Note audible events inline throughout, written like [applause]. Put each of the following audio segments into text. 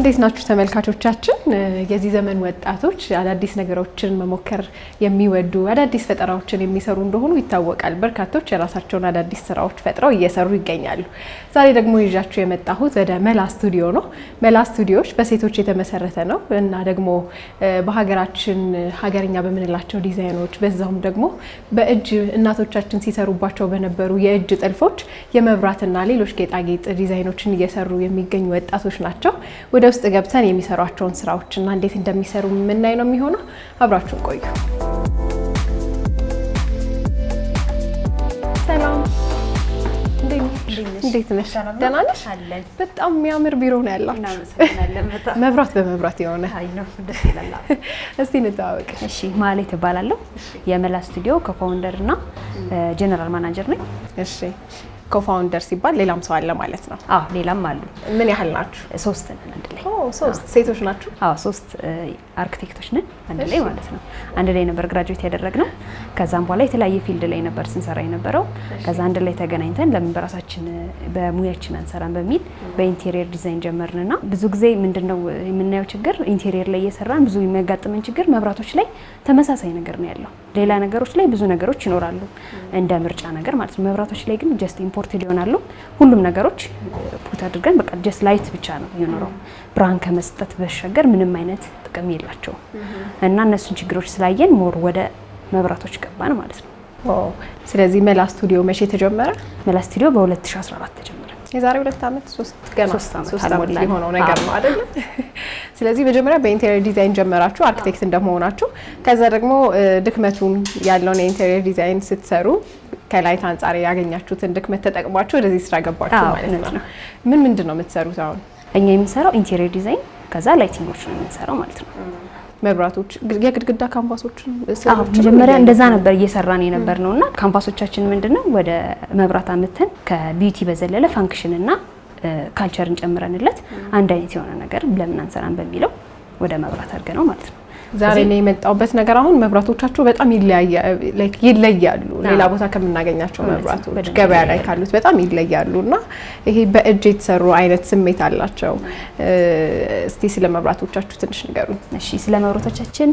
እንዴት ናችሁ ተመልካቾቻችን? የዚህ ዘመን ወጣቶች አዳዲስ ነገሮችን መሞከር የሚወዱ አዳዲስ ፈጠራዎችን የሚሰሩ እንደሆኑ ይታወቃል። በርካቶች የራሳቸውን አዳዲስ ስራዎች ፈጥረው እየሰሩ ይገኛሉ። ዛሬ ደግሞ ይዣችሁ የመጣሁት ወደ መላ ስቱዲዮ ነው። መላ ስቱዲዮች በሴቶች የተመሰረተ ነው እና ደግሞ በሀገራችን ሀገርኛ በምንላቸው ዲዛይኖች በዛውም ደግሞ በእጅ እናቶቻችን ሲሰሩባቸው በነበሩ የእጅ ጥልፎች፣ የመብራትና ሌሎች ጌጣጌጥ ዲዛይኖችን እየሰሩ የሚገኙ ወጣቶች ናቸው ወደ ውስጥ ገብተን የሚሰሯቸውን ስራዎችና እንዴት እንደሚሰሩ የምናይ ነው የሚሆነው። አብራችሁን ቆዩ። ሰላም እንዴት ነሽ? ደህና ነሽ? በጣም የሚያምር ቢሮ ነው ያላችሁ። መብራት በመብራት የሆነ [laughs] እስቲ እንተዋወቅ። እሺ፣ ማለት እባላለሁ የመላ ስቱዲዮ ከፋውንደር እና ጀነራል ማናጀር ነኝ። እሺ ኮፋውንደር ሲባል ሌላም ሰው አለ ማለት ነው? አዎ ሌላም አሉ። ምን ያህል ናችሁ? ሶስት ነን አንድ ላይ። ሶስት ሴቶች ናችሁ? አዎ ሶስት አርክቴክቶች ነን አንድ ላይ ማለት ነው። አንድ ላይ ነበር ግራጁዌት ያደረግነው። ከዛም በኋላ የተለያየ ፊልድ ላይ ነበር ስንሰራ የነበረው። ከዛ አንድ ላይ ተገናኝተን ለምን በራሳችን በሙያችን አንሰራን በሚል በኢንቴሪየር ዲዛይን ጀመርንና ብዙ ጊዜ ምንድነው የምናየው ችግር ኢንቴሪየር ላይ እየሰራን ብዙ የሚያጋጥመን ችግር መብራቶች ላይ ተመሳሳይ ነገር ነው ያለው። ሌላ ነገሮች ላይ ብዙ ነገሮች ይኖራሉ እንደ ምርጫ ነገር ማለት ነው። መብራቶች ላይ ግን ጀስት ሰፖርትድ ይሆናሉ። ሁሉም ነገሮች ፖት አድርገን በቃ ጀስት ላይት ብቻ ነው የኖረው። ብርሃን ከመስጠት በሸገር ምንም አይነት ጥቅም የላቸውም እና እነሱን ችግሮች ስላየን ሞር ወደ መብራቶች ገባን ማለት ነው። ስለዚህ መላ ስቱዲዮ መቼ ተጀመረ? መላ ስቱዲዮ በ2014 ተጀመረ። የዛሬ ሁለት ዓመት ሶስት ገና ሶስት ዓመት የሆነው ነገር ነው አይደለም። ስለዚህ መጀመሪያ በኢንቴሪየር ዲዛይን ጀመራችሁ አርኪቴክት እንደመሆናችሁ፣ ከዛ ደግሞ ድክመቱን ያለውን የኢንቴሪየር ዲዛይን ስትሰሩ ከላይት አንጻር ያገኛችሁትን ድክመት ተጠቅሟችሁ ወደዚህ ስራ ገባችሁ ማለት ነው። ምን ምንድን ነው የምትሰሩት? አሁን እኛ የምንሰራው ኢንቴሪየር ዲዛይን ከዛ ላይቲንጎች ነው የምንሰራው ማለት ነው። መብራቶች፣ የግድግዳ ካንቫሶች መጀመሪያ እንደዛ ነበር እየሰራን የነበር ነው እና ካንቫሶቻችን ምንድነው ወደ መብራት አምተን ከቢዩቲ በዘለለ ፋንክሽን እና ካልቸርን ጨምረንለት አንድ አይነት የሆነ ነገር ለምን አንሰራን በሚለው ወደ መብራት አድርገ ነው ማለት ነው። ዛሬ ነው የመጣውበት ነገር። አሁን መብራቶቻችሁ በጣም ይለያሉ፣ ሌላ ቦታ ከምናገኛቸው መብራቶች ገበያ ላይ ካሉት በጣም ይለያሉ እና ይሄ በእጅ የተሰሩ አይነት ስሜት አላቸው። እስቲ ስለ መብራቶቻችሁ ትንሽ ንገሩ። እሺ፣ ስለ መብራቶቻችን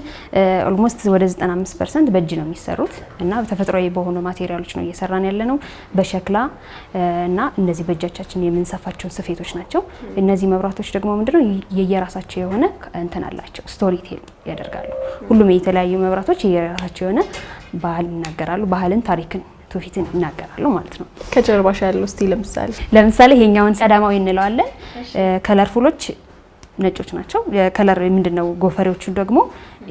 ኦልሞስት ወደ 95 ፐርሰንት በእጅ ነው የሚሰሩት እና ተፈጥሯዊ በሆኑ ማቴሪያሎች ነው እየሰራን ያለ ነው በሸክላ እና እነዚህ በእጃቻችን የምንሰፋቸውን ስፌቶች ናቸው። እነዚህ መብራቶች ደግሞ ምንድነው የየራሳቸው የሆነ እንትን አላቸው ስቶሪቴል ያደርጋሉ። ሁሉም የተለያዩ መብራቶች የራሳቸው የሆነ ባህል ይናገራሉ። ባህልን፣ ታሪክን፣ ትውፊትን ይናገራሉ ማለት ነው። ከጀርባሽ ያለው እስቲ ለምሳሌ ለምሳሌ ይሄኛውን ቀዳማዊ እንለዋለን። ከለርፉሎች ነጮች ናቸው። ከለር ምንድነው? ጎፈሬዎቹ ደግሞ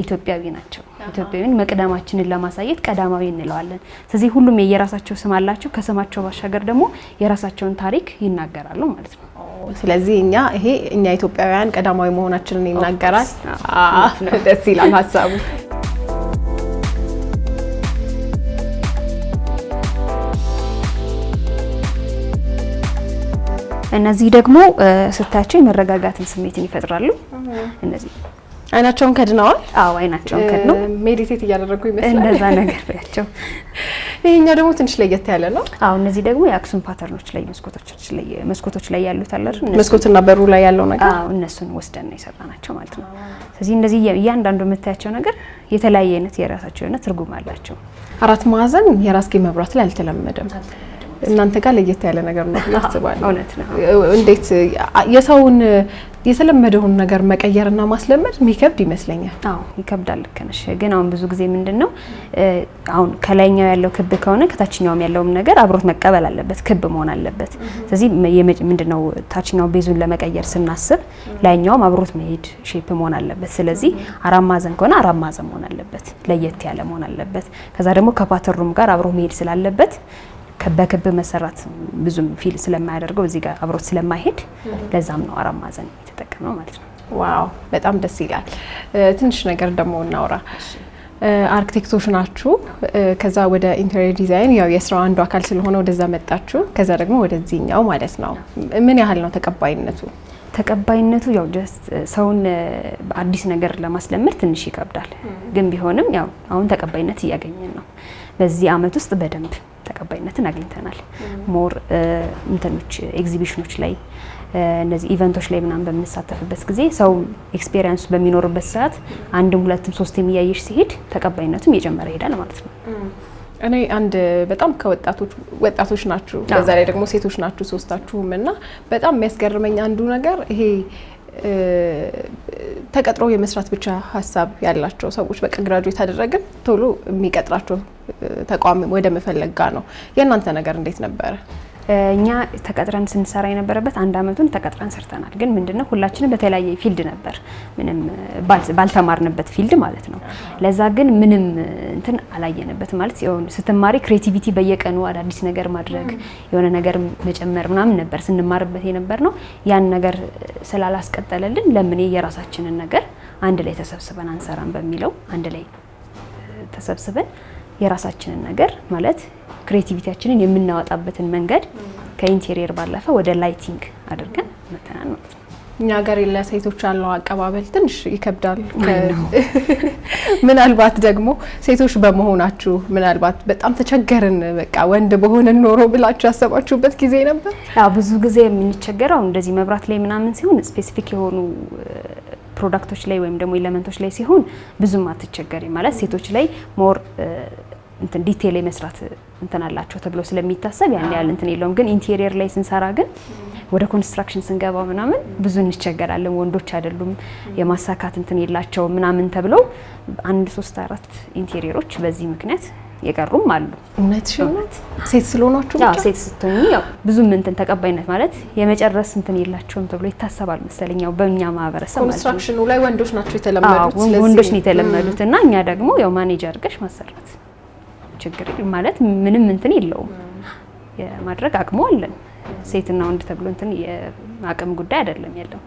ኢትዮጵያዊ ናቸው። ኢትዮጵያዊ መቅደማችንን ለማሳየት ቀዳማዊ እንለዋለን። ስለዚህ ሁሉም የየራሳቸው ስም አላቸው። ከስማቸው ባሻገር ደግሞ የራሳቸውን ታሪክ ይናገራሉ ማለት ነው። ስለዚህ እኛ ይሄ እኛ ኢትዮጵያውያን ቀዳማዊ መሆናችንን ይናገራል። ደስ ይላል ሀሳቡ። እነዚህ ደግሞ ስታያቸው የመረጋጋትን ስሜትን ይፈጥራሉ። እነዚህ አይናቸውን ከድነዋል። አዎ አይናቸውን ከድነው ሜዲቴት እያደረጉ ይመስላል። እንደዛ ነገር ያቸው ይሄኛው ደግሞ ትንሽ ለየት ያለ ነው። አዎ እነዚህ ደግሞ የአክሱም ፓተርኖች ላይ መስኮቶች ላይ መስኮቶች ላይ ያሉት አለ አይደል? መስኮትና በሩ ላይ ያለው ነገር አዎ እነሱን ወስደን ነው የሰራናቸው ማለት ነው። ስለዚህ እነዚህ እያንዳንዱ የምታያቸው ነገር የተለያየ አይነት የራሳቸው የሆነ ትርጉም አላቸው። አራት ማዕዘን የራስጌ መብራት ላይ አልተለመደም። እናንተ ጋር ለየት ያለ ነገር ነው ያስባለሁ። እውነት ነው። እንዴት የሰውን የተለመደውን ነገር መቀየርና ማስለመድ የሚከብድ ይመስለኛል። አዎ ይከብዳል። ልክ ነሽ። ግን አሁን ብዙ ጊዜ ምንድን ነው አሁን ከላይኛው ያለው ክብ ከሆነ ከታችኛውም ያለውም ነገር አብሮት መቀበል አለበት፣ ክብ መሆን አለበት። ስለዚህ ምንድን ነው ታችኛው ቤዙን ለመቀየር ስናስብ ላይኛውም አብሮት መሄድ ሼፕ መሆን አለበት። ስለዚህ አራት ማዕዘን ከሆነ አራት ማዕዘን መሆን አለበት፣ ለየት ያለ መሆን አለበት። ከዛ ደግሞ ከፓተሩም ጋር አብሮ መሄድ ስላለበት በክብ መሰራት ብዙም ፊል ስለማያደርገው እዚህ ጋር አብሮት ስለማይሄድ ለዛም ነው አራት ማዕዘን የተጠቀምነው ማለት ነው። ዋው በጣም ደስ ይላል። ትንሽ ነገር ደግሞ እናውራ። አርክቴክቶች ናችሁ። ከዛ ወደ ኢንተሪየር ዲዛይን ያው የስራው አንዱ አካል ስለሆነ ወደዛ መጣችሁ። ከዛ ደግሞ ወደዚህኛው ማለት ነው። ምን ያህል ነው ተቀባይነቱ? ተቀባይነቱ ያው ጀስት ሰውን በአዲስ ነገር ለማስለመድ ትንሽ ይከብዳል፣ ግን ቢሆንም ያው አሁን ተቀባይነት እያገኘን ነው። በዚህ አመት ውስጥ በደንብ ተቀባይነትን አግኝተናል። ሞር እንትኖች ኤግዚቢሽኖች ላይ እነዚህ ኢቨንቶች ላይ ምናምን በምንሳተፍበት ጊዜ ሰው ኤክስፔሪንስ በሚኖርበት ሰዓት አንድም ሁለትም ሶስትም እያየሽ ሲሄድ ተቀባይነቱም እየጨመረ ይሄዳል ማለት ነው። እኔ አንድ በጣም ከወጣቶች ወጣቶች ናችሁ፣ በዛ ላይ ደግሞ ሴቶች ናችሁ ሶስታችሁም እና በጣም የሚያስገርመኝ አንዱ ነገር ይሄ ተቀጥሮ የመስራት ብቻ ሀሳብ ያላቸው ሰዎች በቃ ግራጁዌት አደረግን ቶሎ የሚቀጥራቸው ተቋም ወደ መፈለግ ጋር ነው። የእናንተ ነገር እንዴት ነበረ? እኛ ተቀጥረን ስንሰራ የነበረበት አንድ አመቱን ተቀጥረን ሰርተናል። ግን ምንድነው ሁላችንም በተለያየ ፊልድ ነበር፣ ምንም ባልተማርንበት ፊልድ ማለት ነው። ለዛ ግን ምንም እንትን አላየንበት ማለት ስትማሪ ክሬቲቪቲ በየቀኑ አዳዲስ ነገር ማድረግ የሆነ ነገር መጨመር ምናምን ነበር ስንማርበት የነበር ነው። ያን ነገር ስላላስቀጠለልን ለምን የራሳችንን ነገር አንድ ላይ ተሰብስበን አንሰራም በሚለው አንድ ላይ ተሰብስበን የራሳችንን ነገር ማለት ክሬቲቪቲያችንን የምናወጣበትን መንገድ ከኢንቴሪየር ባለፈ ወደ ላይቲንግ አድርገን መተናል ማለት ነው። እኛ ሀገር ለሴቶች ያለው አቀባበል ትንሽ ይከብዳል። [laughs] ምናልባት ደግሞ ሴቶች በመሆናችሁ ምናልባት በጣም ተቸገርን፣ በቃ ወንድ በሆነን ኖሮ ብላችሁ ያሰባችሁበት ጊዜ ነበር? ብዙ ጊዜ የምንቸገረው እንደዚህ መብራት ላይ ምናምን ሲሆን ስፔሲፊክ የሆኑ ፕሮዳክቶች ላይ ወይም ደግሞ ኤሌመንቶች ላይ ሲሆን ብዙም አትቸገሪ ማለት ሴቶች ላይ ሞር እንትን ዲቴል የመስራት እንትን አላቸው ተብሎ ስለሚታሰብ ያን ያህል እንትን የለውም። ግን ኢንቴሪየር ላይ ስንሰራ ግን ወደ ኮንስትራክሽን ስንገባ ምናምን ብዙ እንቸገራለን። ወንዶች አይደሉም የማሳካት እንትን የላቸው ምናምን ተብለው አንድ ሶስት አራት ኢንቴሪየሮች በዚህ ምክንያት የቀሩም አሉ። እውነት ሴት ስለሆናችሁ ብቻ ሴት ስትሆኚ ያው ብዙም እንትን ተቀባይነት ማለት የመጨረስ እንትን የላቸውም ተብሎ ይታሰባል መሰለኝ። ያው በእኛ ማህበረሰብ ኮንስትራክሽኑ ላይ ወንዶች ናቸው የተለመዱት፣ ወንዶች ነው የተለመዱት እና እኛ ደግሞ ያው ማኔጀር አድርገሽ ማሰራት ችግር ማለት ምንም እንትን የለውም የማድረግ አቅሙ አለን። ሴትና ወንድ ተብሎ እንትን የአቅም ጉዳይ አይደለም ያለው።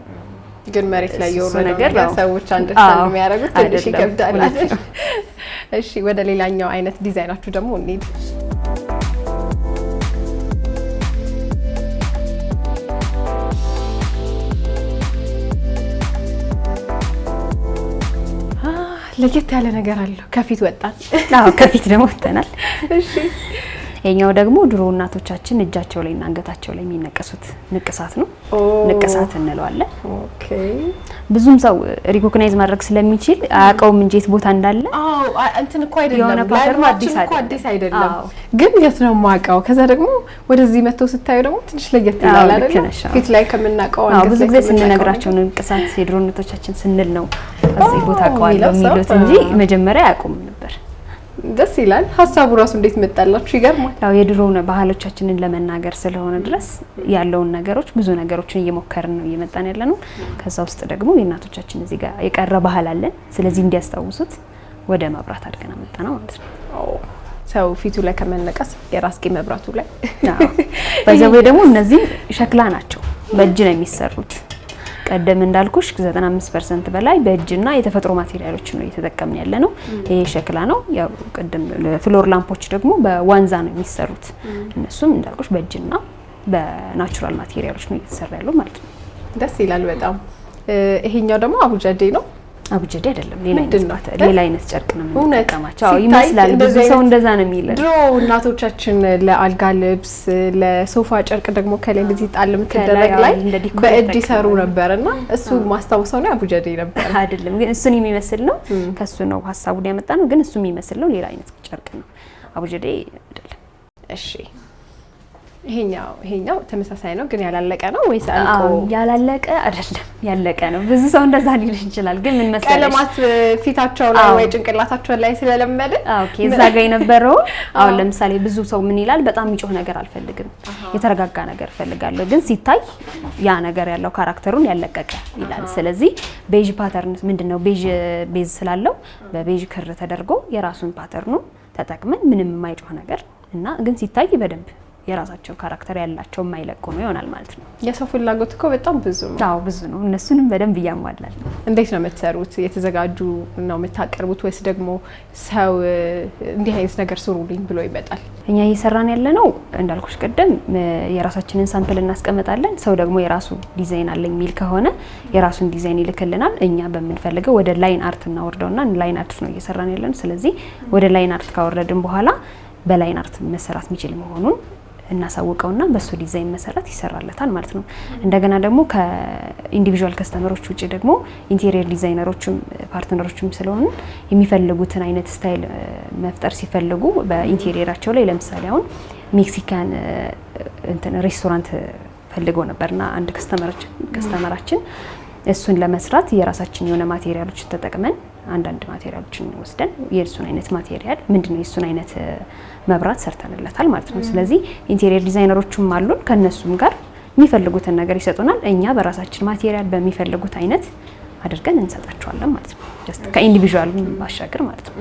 ግን መሬት ላይ ነገር ሰዎች አንድ የሚያደርጉት ትንሽ ይከብዳል። እሺ ወደ ሌላኛው አይነት ዲዛይናችሁ ደግሞ እንሂድ። ለየት ያለ ነገር አለው። ከፊት ወጣን። ከፊት ደግሞ [laughs] ወጥተናል። እሺ ይሄኛው ደግሞ ድሮ እናቶቻችን እጃቸው ላይ እና አንገታቸው ላይ የሚነቀሱት ንቅሳት ነው። ንቅሳት እንለዋለን። ብዙም ሰው ሪኮግናይዝ ማድረግ ስለሚችል አያውቀውም እንጂ የት ቦታ እንዳለ። እንትን እኮ አይደለም አዲስ አይደለም፣ ግን የት ነው የማውቀው። ከዛ ደግሞ ወደዚህ መጥተው ስታዩ ደግሞ ትንሽ ለየት ይላል አይደል? ፊት ላይ ከምናውቀው ብዙ ጊዜ ስንነግራቸው ንቅሳት የድሮ እናቶቻችን ስንል ነው እዚህ ቦታ አውቀዋለሁ የሚሉት እንጂ መጀመሪያ አያውቁም። ደስ ይላል። ሀሳቡ ራሱ እንዴት መጣላችሁ? ይገርማል። ያው የድሮ ባህሎቻችንን ለመናገር ስለሆነ ድረስ ያለውን ነገሮች ብዙ ነገሮችን እየሞከርን ነው እየመጣን ያለ ነው። ከዛ ውስጥ ደግሞ የእናቶቻችን እዚህ ጋር የቀረ ባህል አለን። ስለዚህ እንዲያስታውሱት ወደ መብራት አድርገን መጣ ነው ማለት ነው። ሰው ፊቱ ላይ ከመነቀስ የራስጌ መብራቱ ላይ በዚያ ደግሞ እነዚህ ሸክላ ናቸው፣ በእጅ ነው የሚሰሩት ቀደም እንዳልኩሽ 95 ፐርሰንት በላይ በእጅና የተፈጥሮ ማቴሪያሎች ነው እየተጠቀምን ያለ ነው። ይሄ ሸክላ ነው። ያው ቀደም ፍሎር ላምፖች ደግሞ በዋንዛ ነው የሚሰሩት። እነሱም እንዳልኩሽ በእጅና በናቹራል ማቴሪያሎች ነው እየተሰራ ያለው ማለት ነው። ደስ ይላል በጣም። ይሄኛው ደግሞ አቡጃዴ ነው። አቡጀዴ አይደለም፣ ሌላ አይነት ጨርቅ ነው የምንጠቀማቸው ይመስላል። ብዙ ሰው እንደዛ ነው የሚለን። ድሮ እናቶቻችን ለአልጋ ልብስ፣ ለሶፋ ጨርቅ ደግሞ ከላይ እንደዚህ ጣል የምትደረግ ላይ በእጅ ይሰሩ ነበር እሱ ማስታወሰው ነው አቡጀዴ ነበር አይደለም። ግን እሱን የሚመስል ነው፣ ከሱ ነው ሀሳቡን ያመጣ ነው። ግን እሱ የሚመስል ነው፣ ሌላ አይነት ጨርቅ ነው። አቡጀዴ አይደለም። እሺ ይሄኛው ይሄኛው ተመሳሳይ ነው ግን ያላለቀ ነው ወይስ አልቆ? ያላለቀ አይደለም፣ ያለቀ ነው። ብዙ ሰው እንደዛ ሊል ይችላል። ግን ምን መሰለሽ ቀለማት ፊታቸው ላይ ወይ ጭንቅላታቸው ላይ ስለለመደ ኦኬ፣ እዛ ጋር የነበረው አሁን ለምሳሌ ብዙ ሰው ምን ይላል፣ በጣም የሚጮህ ነገር አልፈልግም፣ የተረጋጋ ነገር እፈልጋለሁ። ግን ሲታይ ያ ነገር ያለው ካራክተሩን ያለቀቀ ይላል። ስለዚህ ቤዥ ፓተርን ምንድነው ቤዥ ቤዝ ስላለው በቤዥ ክር ተደርጎ የራሱን ፓተርኑ ተጠቅመን ምንም የማይጮህ ነገር እና ግን ሲታይ በደንብ የራሳቸው ካራክተር ያላቸው የማይለቁ ነው ይሆናል ማለት ነው። የሰው ፍላጎት እኮ በጣም ብዙ ነው። አዎ ብዙ ነው። እነሱንም በደንብ እያሟላል። እንዴት ነው የምትሰሩት? የተዘጋጁ ነው የምታቀርቡት ወይስ ደግሞ ሰው እንዲህ አይነት ነገር ስሩልኝ ብሎ ይመጣል? እኛ እየሰራን ያለ ነው እንዳልኩሽ ቀደም የራሳችንን ሳምፕል እናስቀምጣለን። ሰው ደግሞ የራሱ ዲዛይን አለኝ የሚል ከሆነ የራሱን ዲዛይን ይልክልናል። እኛ በምንፈልገው ወደ ላይን አርት እናወርደውና ላይን አርት ነው እየሰራን ያለን። ስለዚህ ወደ ላይን አርት ካወረድን በኋላ በላይን አርት መሰራት የሚችል መሆኑን እናሳውቀውና በሱ ዲዛይን መሰረት ይሰራለታል ማለት ነው። እንደገና ደግሞ ከኢንዲቪዥዋል ከስተመሮች ውጭ ደግሞ ኢንቴሪየር ዲዛይነሮችም ፓርትነሮችም ስለሆኑ የሚፈልጉትን አይነት ስታይል መፍጠር ሲፈልጉ በኢንቴሪየራቸው ላይ ለምሳሌ አሁን ሜክሲካን እንትን ሬስቶራንት ፈልገው ነበርና አንድ ከስተመራችን እሱን ለመስራት የራሳችን የሆነ ማቴሪያሎችን ተጠቅመን አንዳንድ ማቴሪያሎችን ወስደን የእሱን አይነት ማቴሪያል ምንድን ነው የእሱን አይነት መብራት ሰርተንለታል ማለት ነው። ስለዚህ ኢንቴሪየር ዲዛይነሮችም አሉን። ከእነሱም ጋር የሚፈልጉትን ነገር ይሰጡናል። እኛ በራሳችን ማቴሪያል በሚፈልጉት አይነት አድርገን እንሰጣቸዋለን ማለት ነው። ከኢንዲቪዥዋል ባሻገር ማለት ነው።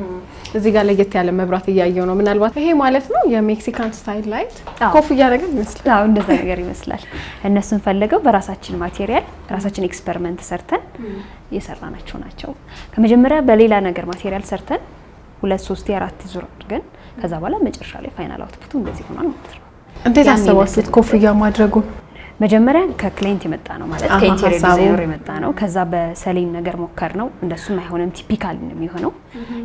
እዚህ ጋር ለየት ያለ መብራት እያየው ነው። ምናልባት ይሄ ማለት ነው የሜክሲካን ስታይል ላይት ኮፍያ እያደረገ ይመስላል። እንደዛ ነገር ይመስላል። እነሱን ፈለገው በራሳችን ማቴሪያል ራሳችን ኤክስፐሪመንት ሰርተን የሰራናቸው ናቸው። ከመጀመሪያ በሌላ ነገር ማቴሪያል ሰርተን ሁለት ሶስት አራት ዙር አድርገን ከዛ በኋላ መጨረሻ ላይ ፋይናል አውትፑቱ እንደዚህ ሆኗል ማለት ነው። እንዴት አሰባችሁት ኮፍያ ማድረጉን? መጀመሪያ ከክላይንት የመጣ ነው ማለት ከኢንቴሪየር ዲዛይነር የመጣ ነው። ከዛ በሰሌን ነገር ሞከር ነው እንደሱም አይሆንም፣ ቲፒካል ነው የሚሆነው።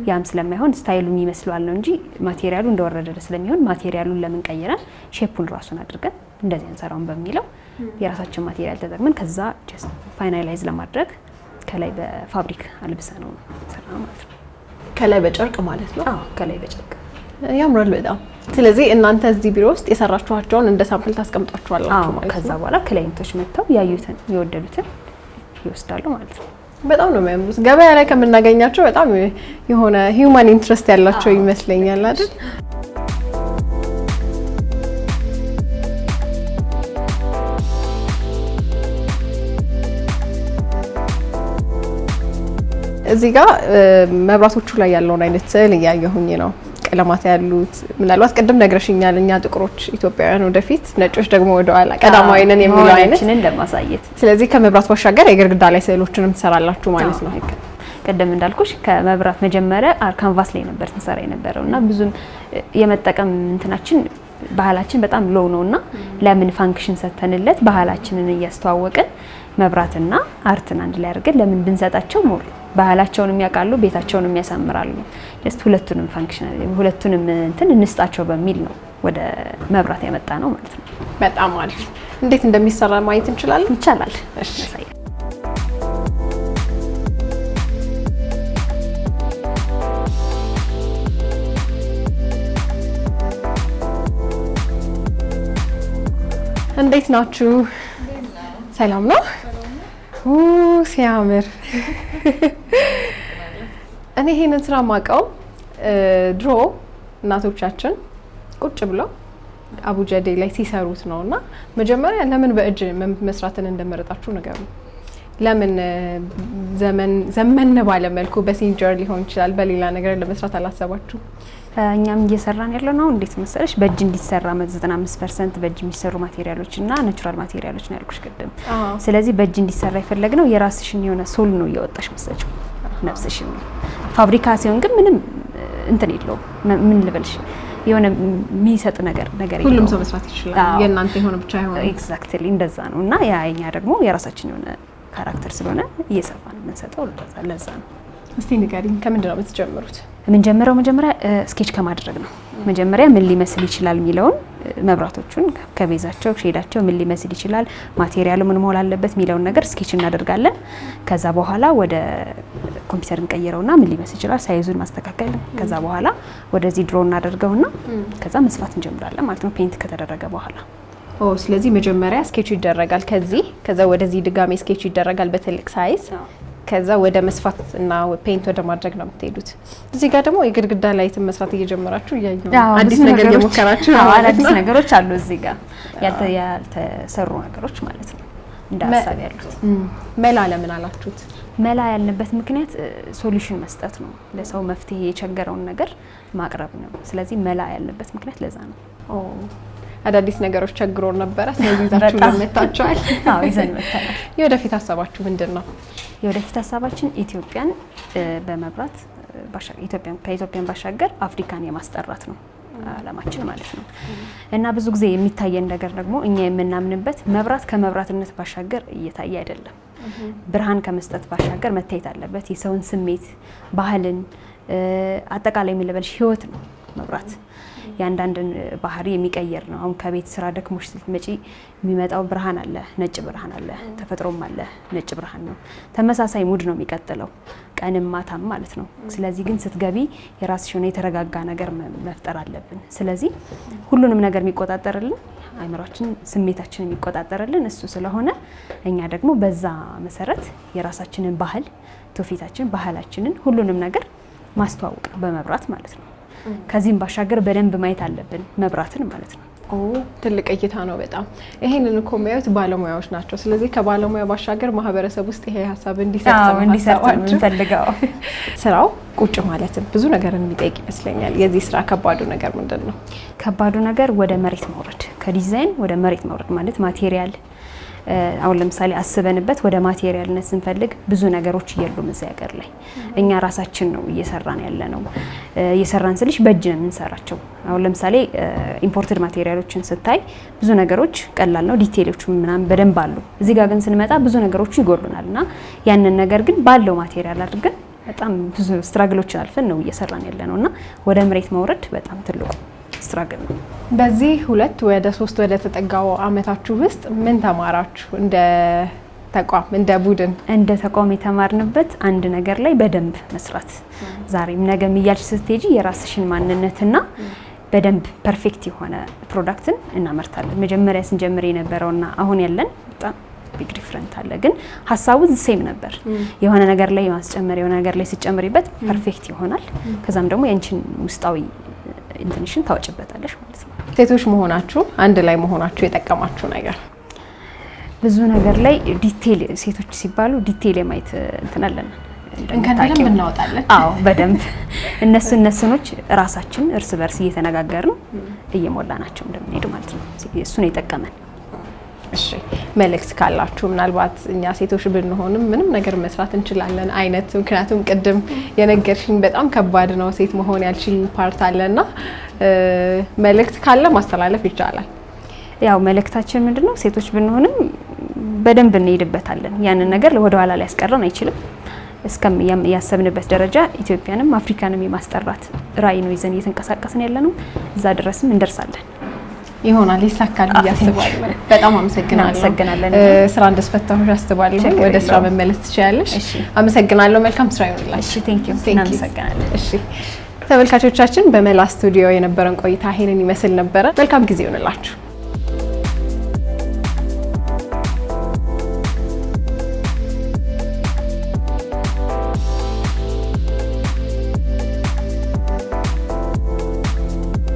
ያም ስለማይሆን ስታይሉን ይመስለዋል ነው እንጂ ማቴሪያሉ እንደወረደ ስለሚሆን ማቴሪያሉን ለምን ቀይረን ሼፑን ራሱን አድርገን እንደዚህ እንሰራውን በሚለው የራሳችን ማቴሪያል ተጠቅመን ከዛ ጀስት ፋይናላይዝ ለማድረግ ከላይ በፋብሪክ አልብሰ ነው ሰራ ማለት ነው። ከላይ በጨርቅ ማለት ነው። ከላይ በጨርቅ ያምራል በጣም ስለዚህ እናንተ እዚህ ቢሮ ውስጥ የሰራችኋቸውን እንደ ሳምፕል ታስቀምጧቸዋላችሁ ከዛ በኋላ ክላይንቶች መጥተው ያዩትን የወደዱትን ይወስዳሉ ማለት ነው። በጣም ነው የሚያምሩት። ገበያ ላይ ከምናገኛቸው በጣም የሆነ ሂውማን ኢንትረስት ያላቸው ይመስለኛል አይደል? እዚህ ጋር መብራቶቹ ላይ ያለውን አይነት ስዕል እያየሁኝ ነው። ቀለማት ያሉት ምናልባት ቅድም ነግረሽኛል፣ እኛ ጥቁሮች ኢትዮጵያውያን ወደፊት፣ ነጮች ደግሞ ወደኋላ ቀዳማዊ ነን የሚለው አይነት ለማሳየት። ስለዚህ ከመብራት ባሻገር የግድግዳ ላይ ስዕሎችንም ትሰራላችሁ ማለት ነው። ቅድም እንዳልኩሽ ከመብራት መጀመሪያ ካንቫስ ላይ ነበር ትንሰራ የነበረው እና ብዙም የመጠቀም እንትናችን ባህላችን በጣም ሎው ነው እና ለምን ፋንክሽን ሰተንለት ባህላችንን እያስተዋወቅን መብራትና አርትን አንድ ላይ አድርገን ለምን ብንሰጣቸው ሞር ባህላቸውንም ያውቃሉ፣ ቤታቸውንም ያሳምራሉ። ጀስት ሁለቱንም ፋንክሽናል ሁለቱንም እንትን እንስጣቸው በሚል ነው ወደ መብራት ያመጣ ነው ማለት ነው። በጣም አሪፍ። እንዴት እንደሚሰራ ማየት እንችላለን? ይቻላል። እንዴት ናችሁ? ሰላም ነው ሲያምር እኔ ይሄንን ስራ ማቀው ድሮ እናቶቻችን ቁጭ ብለው አቡጀዴ ላይ ሲሰሩት ነው። እና መጀመሪያ ለምን በእጅ መስራትን እንደመረጣችሁ ንገሩ። ለምን ዘመን ዘመን ባለ መልኩ በሲንጀር ሊሆን ይችላል፣ በሌላ ነገር ለመስራት አላሰባችሁ? እኛም እየሰራን ያለ ነው። እንዴት መሰለሽ በእጅ እንዲሰራ 95 ፐርሰንት በእጅ የሚሰሩ ማቴሪያሎች እና ናቹራል ማቴሪያሎች ነው ያልኩሽ ቅድም። ስለዚህ በእጅ እንዲሰራ የፈለግ ነው የራስሽን የሆነ ሶል ነው እያወጣሽ መሰለችው ነፍስሽን። ፋብሪካ ሲሆን ግን ምንም እንትን የለውም ምን ልበልሽ የሆነ የሚሰጥ ነገር ነገር ሁሉም ሰው መስራት ይችላል። የእናንተ የሆነ ብቻ ይሆን ኤግዛክትሊ እንደዛ ነው። እና ያ የኛ ደግሞ የራሳችን የሆነ ካራክተር ስለሆነ እየሰፋን የምንሰጠው ለዛ ነው። እስቲ ንገሪኝ፣ ከምንድን ነው የምትጀምሩት? የምንጀምረው መጀመሪያ ስኬች ከማድረግ ነው። መጀመሪያ ምን ሊመስል ይችላል የሚለውን መብራቶቹን ከቤዛቸው ሼዳቸው ምን ሊመስል ይችላል፣ ማቴሪያሉ ምን መሆን አለበት የሚለውን ነገር ስኬች እናደርጋለን። ከዛ በኋላ ወደ ኮምፒውተር እንቀይረውና ምን ሊመስል ይችላል ሳይዙን ማስተካከል፣ ከዛ በኋላ ወደዚህ ድሮ እናደርገውና ከዛ መስፋት እንጀምራለን ማለት ነው፣ ፔንት ከተደረገ በኋላ ኦ ስለዚህ መጀመሪያ ስኬቹ ይደረጋል። ከዚህ ከዛ ወደዚህ ድጋሜ ስኬቹ ይደረጋል በትልቅ ሳይዝ ከዛ ወደ መስፋት እና ፔንት ወደ ማድረግ ነው የምትሄዱት። እዚህ ጋር ደግሞ የግድግዳ ላይትን መስራት እየጀመራችሁ አዲስ ነገር እየሞከራችሁ አዲስ ነገሮች አሉ እዚህ ጋር ያልተሰሩ ነገሮች ማለት ነው። እንደ ሀሳብ ያሉት መላ ለምን አላችሁት? መላ ያልንበት ምክንያት ሶሉሽን መስጠት ነው፣ ለሰው መፍትሄ የቸገረውን ነገር ማቅረብ ነው። ስለዚህ መላ ያልንበት ምክንያት ለዛ ነው። አዳዲስ ነገሮች ቸግሮን ነበረ። ስለዚህ ይዛችሁ መታችኋል። [laughs] አዎ ይዘን መጥተናል። የወደፊት ሀሳባችሁ ምንድን ነው? የወደፊት ሀሳባችን ኢትዮጵያን በመብራት ከኢትዮጵያን ባሻገር አፍሪካን የማስጠራት ነው አላማችን ማለት ነው። እና ብዙ ጊዜ የሚታየን ነገር ደግሞ እኛ የምናምንበት መብራት ከመብራትነት ባሻገር እየታየ አይደለም። ብርሃን ከመስጠት ባሻገር መታየት አለበት። የሰውን ስሜት፣ ባህልን አጠቃላይ የሚለበልሽ ህይወት ነው መብራት የአንዳንድን ባህሪ የሚቀየር ነው። አሁን ከቤት ስራ ደክሞሽ ስትመጪ የሚመጣው ብርሃን አለ፣ ነጭ ብርሃን አለ፣ ተፈጥሮም አለ፣ ነጭ ብርሃን ነው። ተመሳሳይ ሙድ ነው የሚቀጥለው ቀንም ማታም ማለት ነው። ስለዚህ ግን ስትገቢ የራስሽ የሆነ የተረጋጋ ነገር መፍጠር አለብን። ስለዚህ ሁሉንም ነገር የሚቆጣጠርልን አይምሯችን፣ ስሜታችን የሚቆጣጠርልን እሱ ስለሆነ እኛ ደግሞ በዛ መሰረት የራሳችንን ባህል ትውፊታችን፣ ባህላችንን ሁሉንም ነገር ማስተዋወቅ በመብራት ማለት ነው። ከዚህም ባሻገር በደንብ ማየት አለብን መብራትን ማለት ነው። ትልቅ እይታ ነው። በጣም ይሄንን እኮ የሚያዩት ባለሙያዎች ናቸው። ስለዚህ ከባለሙያ ባሻገር ማህበረሰብ ውስጥ ይሄ ሀሳብ እንዲሰርጥ [laughs] ስራው ቁጭ ማለትም ብዙ ነገር የሚጠይቅ ይመስለኛል። የዚህ ስራ ከባዱ ነገር ምንድን ነው? ከባዱ ነገር ወደ መሬት መውረድ፣ ከዲዛይን ወደ መሬት መውረድ ማለት ማቴሪያል አሁን ለምሳሌ አስበንበት ወደ ማቴሪያልነት ስንፈልግ ብዙ ነገሮች የሉም እዚህ ሀገር ላይ። እኛ ራሳችን ነው እየሰራን ያለ ነው። እየሰራን ስልሽ በእጅ ነው የምንሰራቸው። አሁን ለምሳሌ ኢምፖርትድ ማቴሪያሎችን ስታይ ብዙ ነገሮች ቀላል ነው፣ ዲቴሎቹ ምናምን በደንብ አሉ። እዚህ ጋር ግን ስንመጣ ብዙ ነገሮቹ ይጎሉናል እና ያንን ነገር ግን ባለው ማቴሪያል አድርገን በጣም ብዙ ስትራግሎችን አልፈን ነው እየሰራን ያለ ነው እና ወደ መሬት መውረድ በጣም ትልቁ ስራ ግን ነው። በዚህ ሁለት ወደ ሶስት ወደ ተጠጋው አመታችሁ ውስጥ ምን ተማራችሁ? እንደ ተቋም እንደ ቡድን እንደ ተቋም የተማርንበት አንድ ነገር ላይ በደንብ መስራት፣ ዛሬም ነገም እያልሽ ስትሄጂ የራስሽን ማንነትና በደንብ ፐርፌክት የሆነ ፕሮዳክትን እናመርታለን። መጀመሪያ ስንጀምር የነበረውና አሁን ያለን በጣም ቢግ ዲፍረንት አለ። ግን ሀሳቡ ሴም ነበር። የሆነ ነገር ላይ ማስጨመር የሆነ ነገር ላይ ስጨምሪበት ፐርፌክት ይሆናል። ከዛም ደግሞ የንችን ውስጣዊ እንትንሽን ታወጭበታለሽ ማለት ነው። ሴቶች መሆናችሁ አንድ ላይ መሆናችሁ የጠቀማችሁ ነገር ብዙ ነገር ላይ ዲቴል ሴቶች ሲባሉ ዲቴል የማየት እንትን አለን እንከንደለም እናወጣለን። አዎ በደንብ እነሱ እነሱኖች ራሳችን እርስ በርስ እየተነጋገርን እየሞላ ናቸው እንደምንሄድ ማለት ነው። ነው የጠቀመን እሺ መልእክት ካላችሁ ምናልባት እኛ ሴቶች ብንሆንም ምንም ነገር መስራት እንችላለን አይነት ምክንያቱም ቅድም የነገርሽኝ በጣም ከባድ ነው ሴት መሆን ያልችል ፓርት አለና መልእክት ካለ ማስተላለፍ ይቻላል። ያው መልእክታችን ምንድን ነው? ሴቶች ብንሆንም በደንብ እንሄድበታለን። ያንን ነገር ወደ ኋላ ሊያስቀረን አይችልም። እስከም ያሰብንበት ደረጃ ኢትዮጵያንም አፍሪካንም የማስጠራት ራዕይ ነው ይዘን እየተንቀሳቀስን ያለነው። እዛ ድረስም እንደርሳለን። ይሆናል ይሳካል ብዬ አስባለሁ። በጣም አመሰግናለሁ። ስራ እንደስፈታሁሽ አስባለሁ። ወደ ስራ መመለስ ትችላለሽ። አመሰግናለሁ። መልካም ስራ ይሆንላችሁ። ተመልካቾቻችን በመላ ስቱዲዮ የነበረን ቆይታ ይሄንን ይመስል ነበረ። መልካም ጊዜ ይሆንላችሁ።